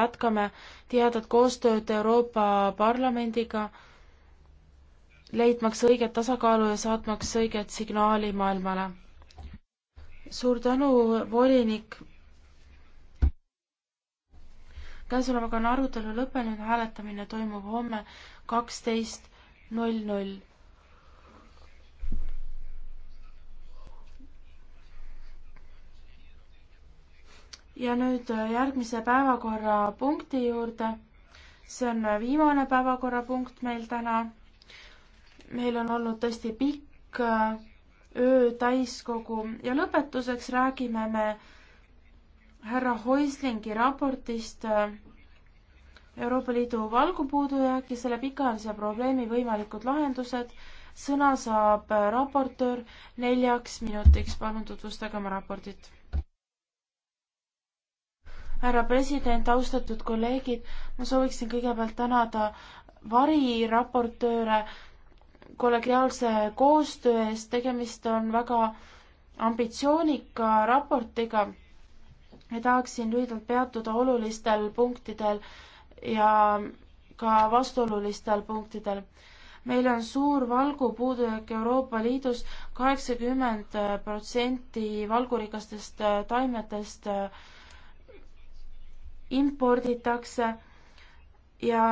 jätkame tihedat koostööd Euroopa Parlamendiga, leidmaks õiget tasakaalu ja saatmaks õiget signaali maailmale. suur tänu, volinik. käesolevaga on arutelu lõppenud, hääletamine toimub homme kaksteist null null. ja nüüd äh, järgmise päevakorrapunkti juurde. see on äh, viimane päevakorrapunkt meil täna. meil on olnud tõesti pikk äh, öö täiskogu ja lõpetuseks räägime me härra Hoislingi raportist Euroopa Liidu valgupuudujääk ja selle pikaajalise probleemi võimalikud lahendused. sõna saab raportöör neljaks minutiks, palun tutvustage oma raportit härra president, austatud kolleegid, ma sooviksin kõigepealt tänada variraportööre kollegiaalse koostöö eest, tegemist on väga ambitsioonika raportiga ja tahaksin lühidalt peatuda olulistel punktidel ja ka vastuolulistel punktidel. meil on suur valgupuudujääk Euroopa Liidus, kaheksakümmend protsenti valgurikastest taimedest äh, imporditakse ja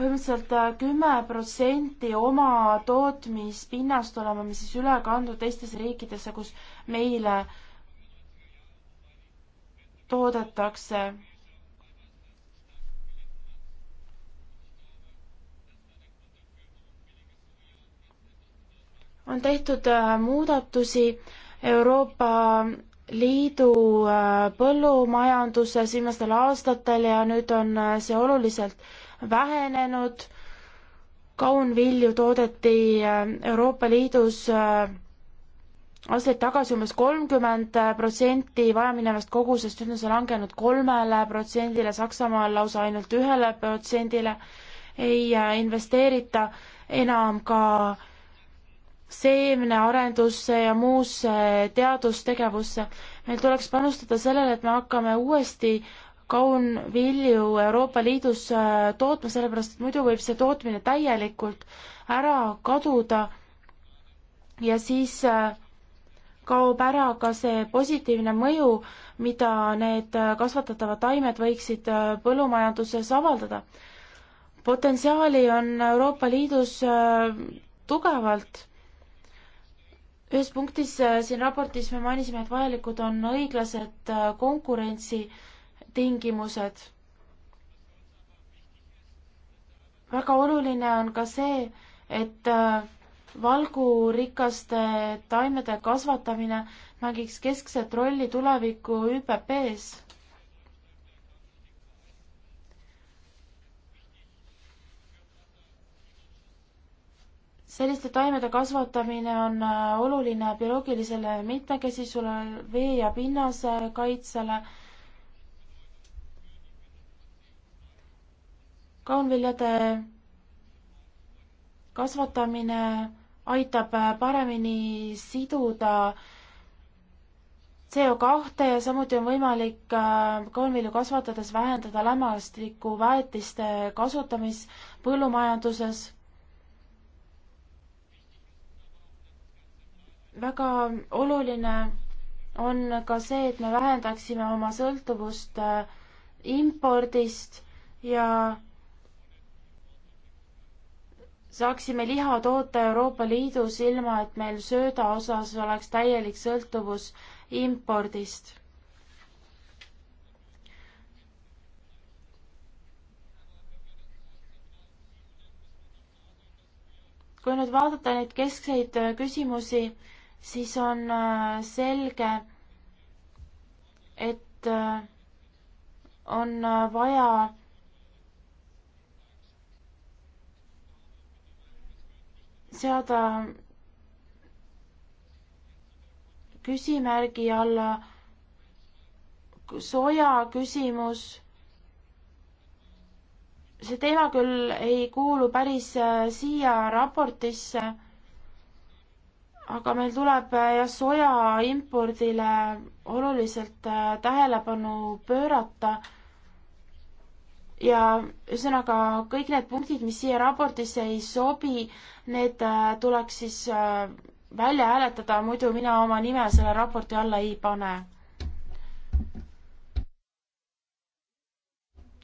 põhimõtteliselt kümme protsenti oma tootmispinnast oleme me siis üle kandnud teistesse riikidesse, kus meile toodetakse. on tehtud äh, muudatusi Euroopa liidu äh, põllumajanduses viimastel aastatel ja nüüd on äh, see oluliselt vähenenud. kaunvilju toodeti äh, Euroopa Liidus aastaid tagasi umbes kolmkümmend protsenti vajaminevast kogusest, nüüd on see langenud kolmele protsendile, Saksamaal lausa ainult ühele protsendile. ei investeerita enam ka äh, seemnearendusse ja muusse teadustegevusse. meil tuleks panustada sellele, et me hakkame uuesti kaunvilju Euroopa Liidus äh, tootma, sellepärast et muidu võib see tootmine täielikult ära kaduda ja siis äh, kaob ära ka see positiivne mõju, mida need äh, kasvatatavad taimed võiksid põllumajanduses avaldada. potentsiaali on Euroopa Liidus tugevalt ühes punktis äh, siin raportis me mainisime, et vajalikud on õiglased äh, konkurentsitingimused. väga oluline on ka see, et äh, valgurikaste taimede kasvatamine mängiks keskset rolli tuleviku ÜPP-s selliste taimede kasvatamine on äh, oluline bioloogilisele mitmekesisusele, vee ja pinnase kaitsele. kaunviljade kasvatamine aitab äh, paremini siduda CO kahte ja samuti on võimalik äh, kaunvilju kasvatades vähendada lämmastikuväetiste kasutamist põllumajanduses väga oluline on ka see, et me vähendaksime oma sõltuvust äh, impordist ja saaksime liha toota Euroopa Liidus ilma, et meil sööda osas oleks täielik sõltuvus impordist. kui nüüd vaadata neid keskseid äh, küsimusi, siis on äh, selge, et äh, on äh, vaja seada küsimärgi alla soja küsimus. see teema küll ei kuulu päris siia raportisse aga meil tuleb äh, jah, soja impordile oluliselt äh, tähelepanu pöörata ja ühesõnaga kõik need punktid, mis siia raportisse ei sobi, need äh, tuleks siis välja hääletada, muidu mina oma nime selle raporti alla ei pane.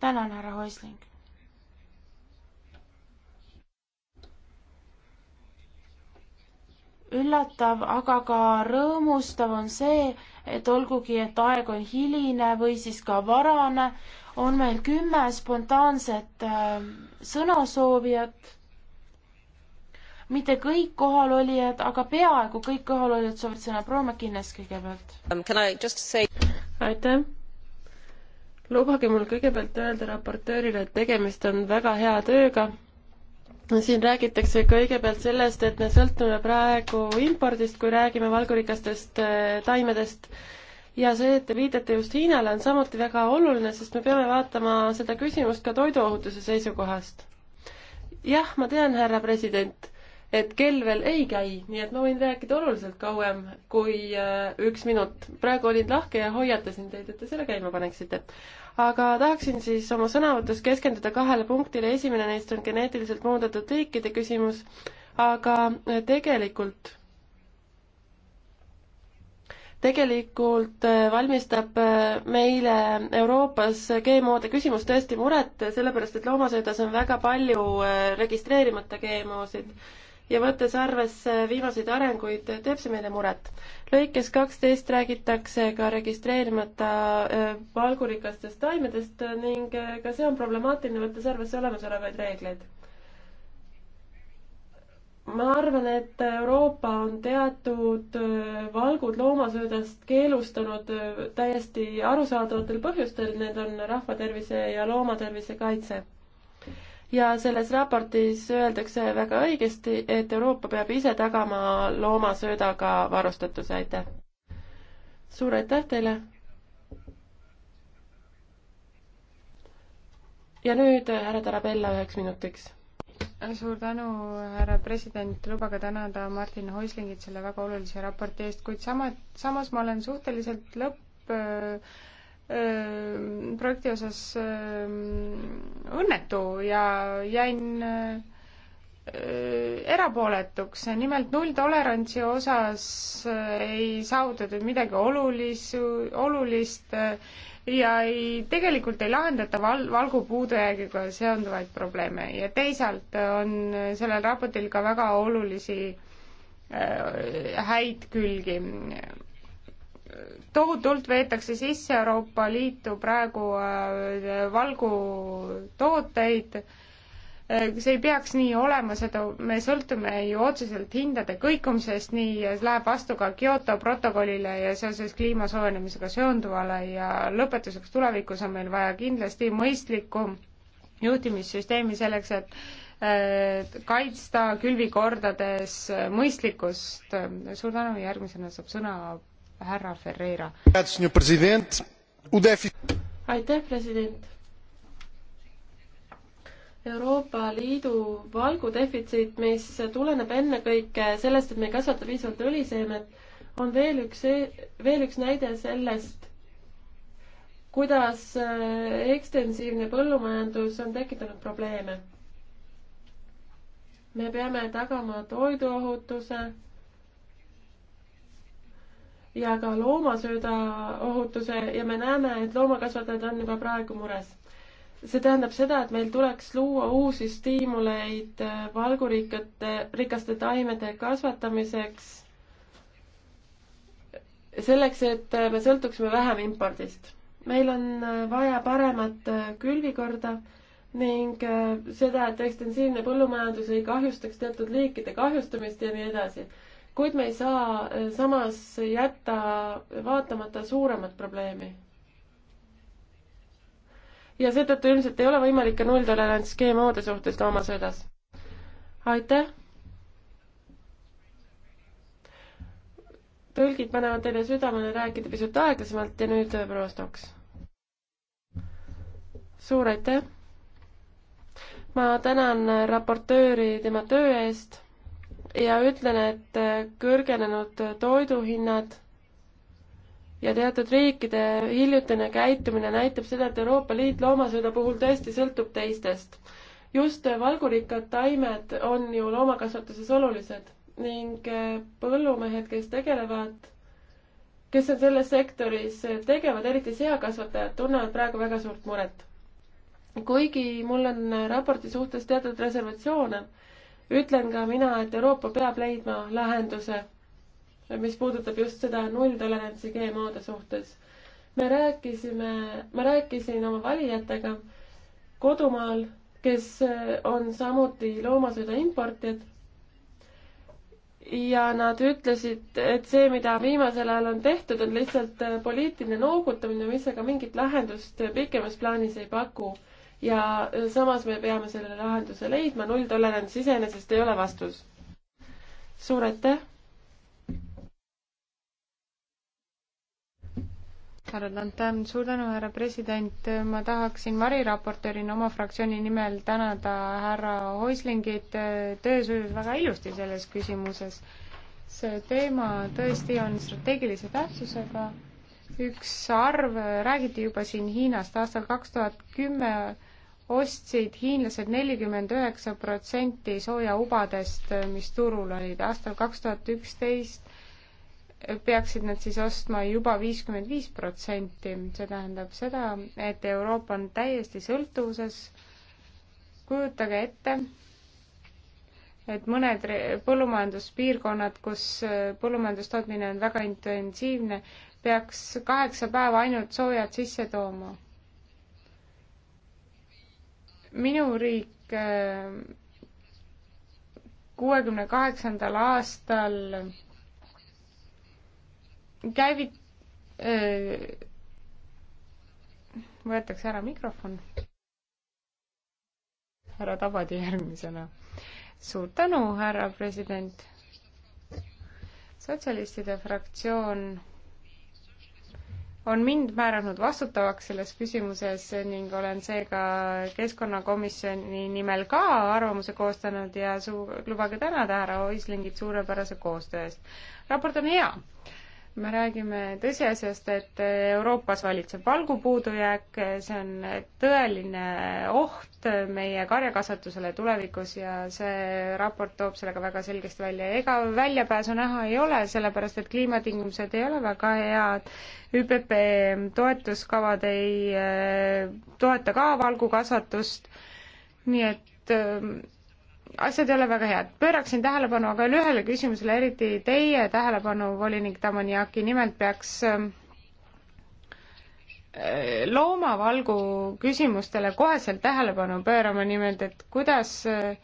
tänan, härra Hoisling üllatav, aga ka rõõmustav on see, et olgugi, et aeg on hiline või siis ka varane, on meil kümme spontaanset äh, sõnasoovijat. mitte kõik kohalolijad, aga peaaegu kõik kohalolijad soovivad sõna. proua Mäkinnes kõigepealt um,. Say... aitäh. lubage mul kõigepealt öelda raportöörile, et tegemist on väga hea tööga siin räägitakse kõigepealt sellest, et me sõltume praegu impordist, kui räägime valgurikastest äh, taimedest ja see, et te viitate just Hiinale, on samuti väga oluline, sest me peame vaatama seda küsimust ka toiduohutuse seisukohast. jah, ma tean, härra president, et kell veel ei käi, nii et ma võin rääkida oluliselt kauem kui äh, üks minut. praegu olin lahke ja hoiatasin teid, et te selle käima paneksite aga tahaksin siis oma sõnavõtus keskenduda kahele punktile, esimene neist on geneetiliselt muundatud liikide küsimus, aga äh, tegelikult tegelikult äh, valmistab äh, meile Euroopas GMO-de küsimus tõesti muret, sellepärast et loomasöödas on väga palju registreerimata GMO-sid mm. -hmm ja võttes arvesse viimaseid arenguid, teeb see meile muret. lõikes kaksteist räägitakse ka registreerimata äh, valgurikastest taimedest ning äh, ka see on problemaatiline, võttes arvesse olemasolevaid reegleid. ma arvan, et Euroopa on teatud äh, valgud loomasöödast keelustanud täiesti arusaadavatel põhjustel, need on rahvatervise ja loomatervise kaitse ja selles raportis öeldakse väga õigesti, et Euroopa peab ise tagama loomasöödaga varustatuse, aitäh! suur aitäh teile! ja nüüd härra Tarabella üheks minutiks. suur tänu, härra president, lubage tänada Martin Häuslingit selle väga olulise raporti eest, kuid sama, samas ma olen suhteliselt lõpp öö, projekti osas õnnetu ja jäin erapooletuks, nimelt nulltolerantsi osas ei saavutatud midagi olulis-, olulist ja ei, tegelikult ei lahendata val-, valgu puudujäägiga seonduvaid probleeme ja teisalt on sellel raportil ka väga olulisi häid külgi tohutult veetakse sisse Euroopa Liitu praegu äh, valgutooteid, äh, see ei peaks nii olema, seda, me sõltume ju otseselt hindade kõikumisest, nii läheb vastu ka Kyoto protokollile ja seoses kliima soojenemisega seonduvale ja lõpetuseks tulevikus on meil vaja kindlasti mõistlikku juhtimissüsteemi selleks, et kaitsta külvikordades mõistlikkust. suur tänu, järgmisena saab sõna härra Ferreira. aitäh, president. Euroopa Liidu valgudefitsiit, mis tuleneb ennekõike sellest, et me ei kasvata piisavalt õliseemet, on veel üks, e-, veel üks näide sellest, kuidas äh, ekstensiivne põllumajandus on tekitanud probleeme. me peame tagama toiduohutuse ja ka loomasööda ohutuse ja me näeme, et loomakasvatajad on juba praegu mures. see tähendab seda, et meil tuleks luua uusi stiimuleid äh, valgurikkate, rikaste taimede kasvatamiseks, selleks, et äh, me sõltuksime vähem impordist. meil on äh, vaja paremat külvikorda ning seda, et ekstensiivne põllumajandus ei kahjustaks teatud liikide kahjustamist ja nii edasi kuid me ei saa eh, samas jätta vaatamata suuremat probleemi. ja seetõttu ilmselt ei ole võimalik ka nulltolerants GMO-de suhtes loomasöödas. aitäh! tõlgid panevad teile südamele rääkida pisut aeglasemalt ja nüüd eh, proua Stoks. suur aitäh! ma tänan eh, raportööri tema töö eest ja ütlen, et äh, kõrgenenud äh, toiduhinnad ja teatud riikide hiljutine käitumine näitab seda, et Euroopa Liit loomasööda puhul tõesti sõltub teistest. just äh, valgurikkad taimed on ju loomakasvatuses olulised ning põllumehed, kes tegelevad, kes on selles sektoris tegevad, eriti seakasvatajad, tunnevad praegu väga suurt muret. kuigi mul on raporti suhtes teatud reservatsioone ütlen ka mina, et Euroopa peab leidma lahenduse, mis puudutab just seda nulltolerantsi GMO-de suhtes. me rääkisime, ma rääkisin oma valijatega kodumaal, kes eh, on samuti loomasööda importijad. ja nad ütlesid, et see, mida viimasel ajal on tehtud, on lihtsalt eh, poliitiline noogutamine, mis aga mingit lahendust eh, pikemas plaanis ei paku ja äh, samas me peame selle lahenduse leidma, nulltolerants iseenesest ei ole vastus. suur aitäh! härra Tantan, suur tänu, härra president, ma tahaksin variraportöörina oma fraktsiooni nimel tänada härra Hoislingit, äh, töö sujus väga ilusti selles küsimuses. see teema tõesti on strateegilise tähtsusega üks arv, räägiti juba siin Hiinast, aastal kaks tuhat kümme ostsid hiinlased nelikümmend üheksa protsenti soojaubadest, mis turul olid. aastal kaks tuhat üksteist peaksid nad siis ostma juba viiskümmend viis protsenti. see tähendab seda, et Euroopa on täiesti sõltuvuses. kujutage ette, et mõned põllumajanduspiirkonnad, kus äh, põllumajandustootmine on väga intensiivne, peaks kaheksa päeva ainult soojad sisse tooma. minu riik äh, kuuekümne kaheksandal aastal käivit-, äh, võetakse ära mikrofon. härra Tabadi järgmisena suur tänu, härra president. sotsialistide fraktsioon on mind määranud vastutavaks selles küsimuses ning olen seega keskkonnakomisjoni nimel ka arvamuse koostanud ja suu-, lubage tänada härra Oislingit suurepärase koostöö eest. raport on hea me räägime tõsiasjast, et Euroopas valitseb valgupuudujääk, see on tõeline oht meie karjakasvatusele tulevikus ja see raport toob selle ka väga selgesti välja. ega väljapääsu näha ei ole, sellepärast et kliimatingimused ei ole väga head, ÜPP toetuskavad ei toeta ka valgukasvatust, nii et asjad ei ole väga head. pööraksin tähelepanu aga veel ühele küsimusele, eriti teie tähelepanu, volinik Tamaniaki, nimelt peaks ähm, äh, loomavalgu küsimustele koheselt tähelepanu pöörama, nimelt et kuidas, äh,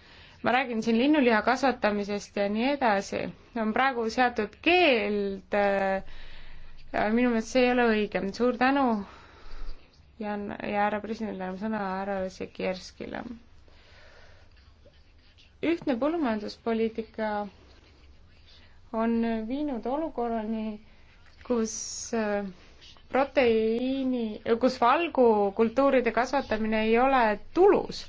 ma räägin siin linnuliha kasvatamisest ja nii edasi, on praegu seatud keeld, äh, minu meelest see ei ole õige, suur tänu ja, ja härra presidendile sõna härra Sikierskile ühtne põllumajanduspoliitika on viinud olukorrani, kus äh, proteiini, kus valgukultuuride kasvatamine ei ole tulus,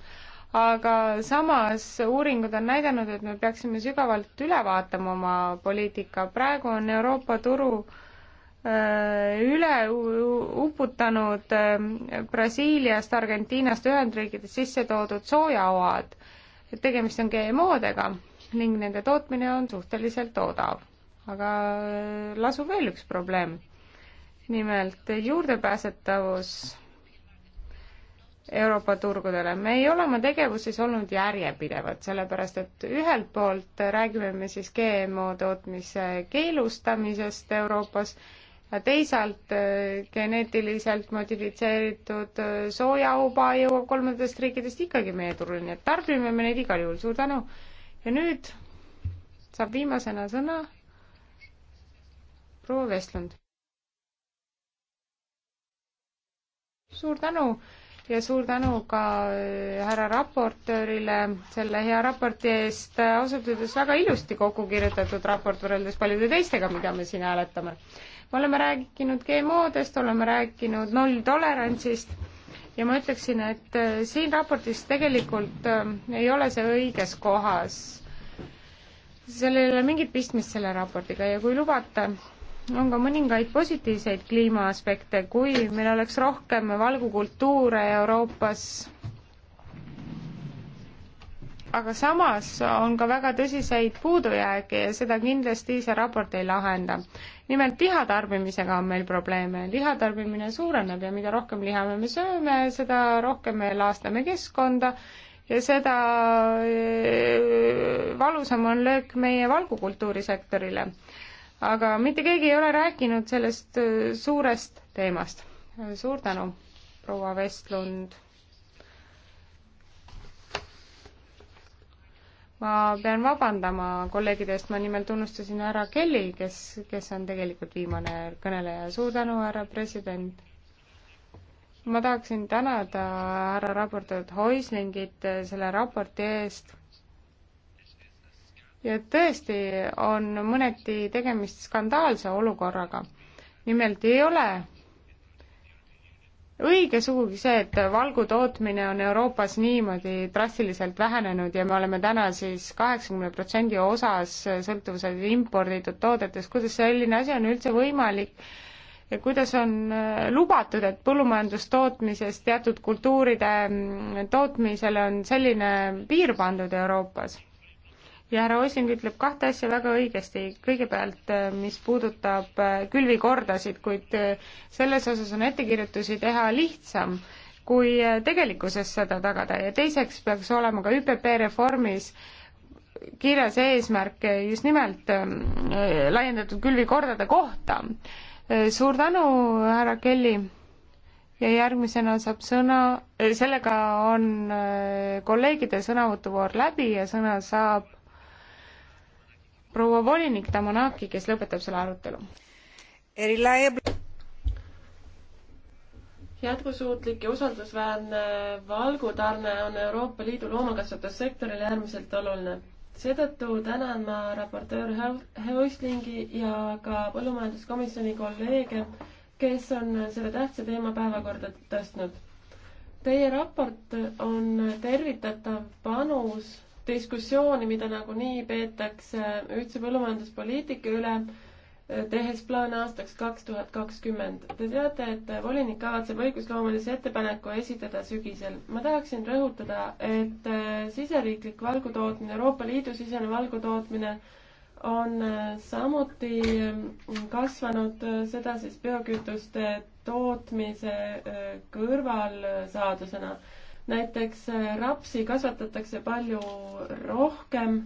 aga samas uuringud on näidanud, et me peaksime sügavalt üle vaatama oma poliitika. praegu on Euroopa turu äh, üle uputanud äh, Brasiiliast, Argentiinast, Ühendriikidest sisse toodud soojaoad et tegemist on GMO-dega ning nende tootmine on suhteliselt odav. aga äh, lasub veel üks probleem. nimelt juurdepääsetavus Euroopa turgudele. me ei ole oma tegevuses olnud järjepidevad, sellepärast et ühelt poolt räägime me siis GMO tootmise keelustamisest Euroopas teisalt äh, geneetiliselt modifitseeritud äh, soojauba jõuab kolmandatest riikidest ikkagi meie turule, nii et tarbime me neid igal juhul, suur tänu. ja nüüd saab viimasena sõna proua Vestlund. suur tänu ja suur tänu ka äh, härra raportöörile selle hea raporti eest, ausalt öeldes väga ilusti kokku kirjutatud raport võrreldes paljude teistega, mida me siin hääletame oleme rääkinud GMO-dest, oleme rääkinud nulltolerantsist ja ma ütleksin, et äh, siin raportis tegelikult äh, ei ole see õiges kohas. sellel ei ole mingit pistmist selle raportiga ja kui lubate, on ka mõningaid positiivseid kliimaaspekte, kui meil oleks rohkem valgukultuure Euroopas aga samas on ka väga tõsiseid puudujääke ja seda kindlasti see raport ei lahenda. nimelt lihatarbimisega on meil probleeme, lihatarbimine suureneb ja mida rohkem liha me sööme, seda rohkem me laastame keskkonda ja seda eh, valusam on löök meie valgukultuurisektorile. aga mitte keegi ei ole rääkinud sellest eh, suurest teemast. suur tänu, proua Vestlund ma pean vabandama kolleegide eest, ma nimelt unustasin härra Kelly, kes, kes on tegelikult viimane kõneleja. suur tänu, härra president! ma tahaksin tänada härra raportööd Häuslingit selle raporti eest ja tõesti on mõneti tegemist skandaalse olukorraga. nimelt ei ole õige sugugi see, et valgu tootmine on Euroopas niimoodi drastiliselt vähenenud ja me oleme täna siis kaheksakümne protsendi osas sõltuvuses imporditud toodetest, kuidas selline asi on üldse võimalik ja kuidas on äh, lubatud, et põllumajandustootmises teatud kultuuride mm, tootmisele on selline piir pandud Euroopas? ja härra Ossing ütleb kahte asja väga õigesti. kõigepealt, äh, mis puudutab äh, külvikordasid, kuid äh, selles osas on ettekirjutusi teha lihtsam kui tegelikkuses seda tagada ja teiseks peaks olema ka ÜPP reformis kirjas eesmärk just nimelt laiendatud külvikordade kohta. suur tänu, härra Kelly! ja järgmisena saab sõna, sellega on kolleegide sõnavõtuvoor läbi ja sõna saab proua volinik Tamonaki, kes lõpetab selle arutelu. jätkusuutlik ja usaldusväärne valgutarne on Euroopa Liidu loomakasvatussektorile äärmiselt oluline. seetõttu tänan ma raportöör Häuslingi ja ka põllumajanduskomisjoni kolleege, kes on selle tähtsa teema päevakorda tõstnud. Teie raport on tervitatav panus diskussiooni, mida nagunii peetakse ühtse põllumajanduspoliitika üle, tehes plaane aastaks kaks tuhat kakskümmend. Te teate, et volinik kavatseb õigusloomelise ettepaneku esitada sügisel. ma tahaksin rõhutada, et äh, siseriiklik valgutootmine, Euroopa Liidu sisene valgutootmine on äh, samuti äh, kasvanud, seda siis biokütuste tootmise kõrvalsaadusena näiteks äh, rapsi kasvatatakse palju rohkem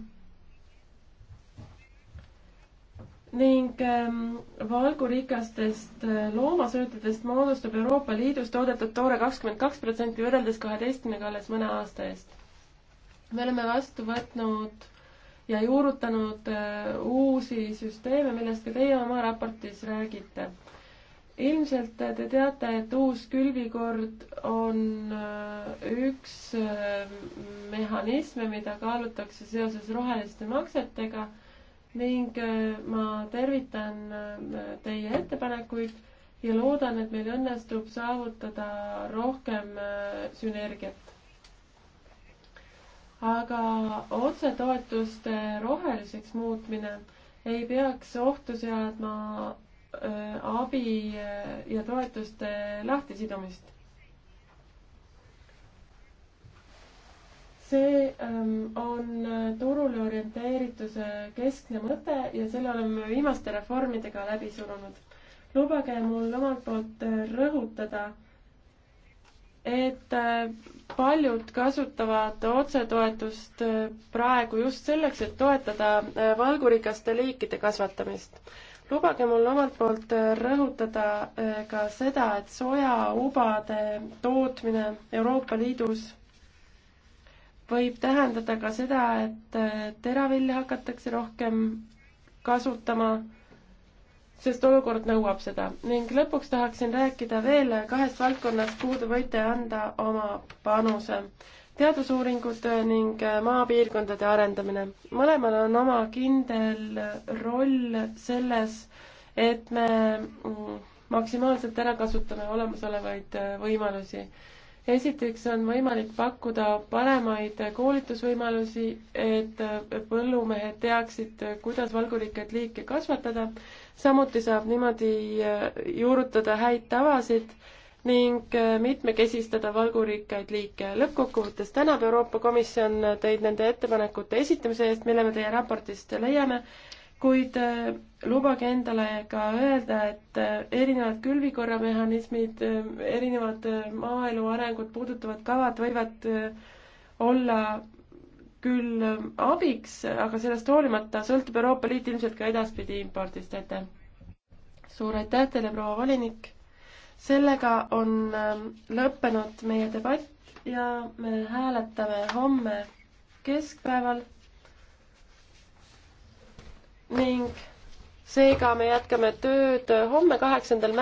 ning ähm, valgurikastest äh, loomasöötadest moodustab Euroopa Liidus toodetud toore kakskümmend kaks protsenti võrreldes kaheteistkümnega alles mõne aasta eest. me oleme vastu võtnud ja juurutanud äh, uusi süsteeme, millest ka teie oma raportis räägite ilmselt te teate, et uus külvikord on äh, üks äh, mehhanisme, mida kaalutakse seoses roheliste maksetega ning äh, ma tervitan teie ettepanekuid ja loodan, et meil õnnestub saavutada rohkem sünergiat. aga otsetoetuste roheliseks muutmine ei peaks ohtu seadma Äh, abi äh, ja toetuste lahtisidumist. see ähm, on äh, turule orienteerituse keskne mõte ja selle oleme viimaste reformidega läbi surunud. lubage mul omalt poolt rõhutada, et paljud kasutavad otsetoetust praegu just selleks, et toetada valgurikaste liikide kasvatamist lubage mul omalt poolt äh, rõhutada äh, ka seda, et sojaubade tootmine Euroopa Liidus võib tähendada ka seda, et äh, teravilja hakatakse rohkem kasutama, sest olukord nõuab seda. ning lõpuks tahaksin rääkida veel kahest valdkonnast, kuhu te võite anda oma panuse teadusuuringud ning äh, maapiirkondade arendamine. mõlemal on oma kindel roll selles, et me mm, maksimaalselt ära kasutame olemasolevaid äh, võimalusi. esiteks on võimalik pakkuda paremaid koolitusvõimalusi, et äh, põllumehed teaksid, kuidas valgurikkaid liike kasvatada. samuti saab niimoodi juurutada häid tavasid ning äh, mitmekesistada valgurikkaid liike. lõppkokkuvõttes tänab Euroopa Komisjon teid nende ettepanekute esitamise eest, mille me teie raportist leiame, kuid äh, lubage endale ka öelda, et äh, erinevad külvikorramehhanismid, erinevad maaelu arengut puudutavad kavad võivad olla küll abiks, aga sellest hoolimata sõltub Euroopa Liit ilmselt ka edaspidi impordist, aitäh! suur aitäh teile, proua volinik! sellega on ähm, lõppenud meie debatt ja me hääletame homme keskpäeval ning seega me jätkame tööd homme, kaheksandal märtsil.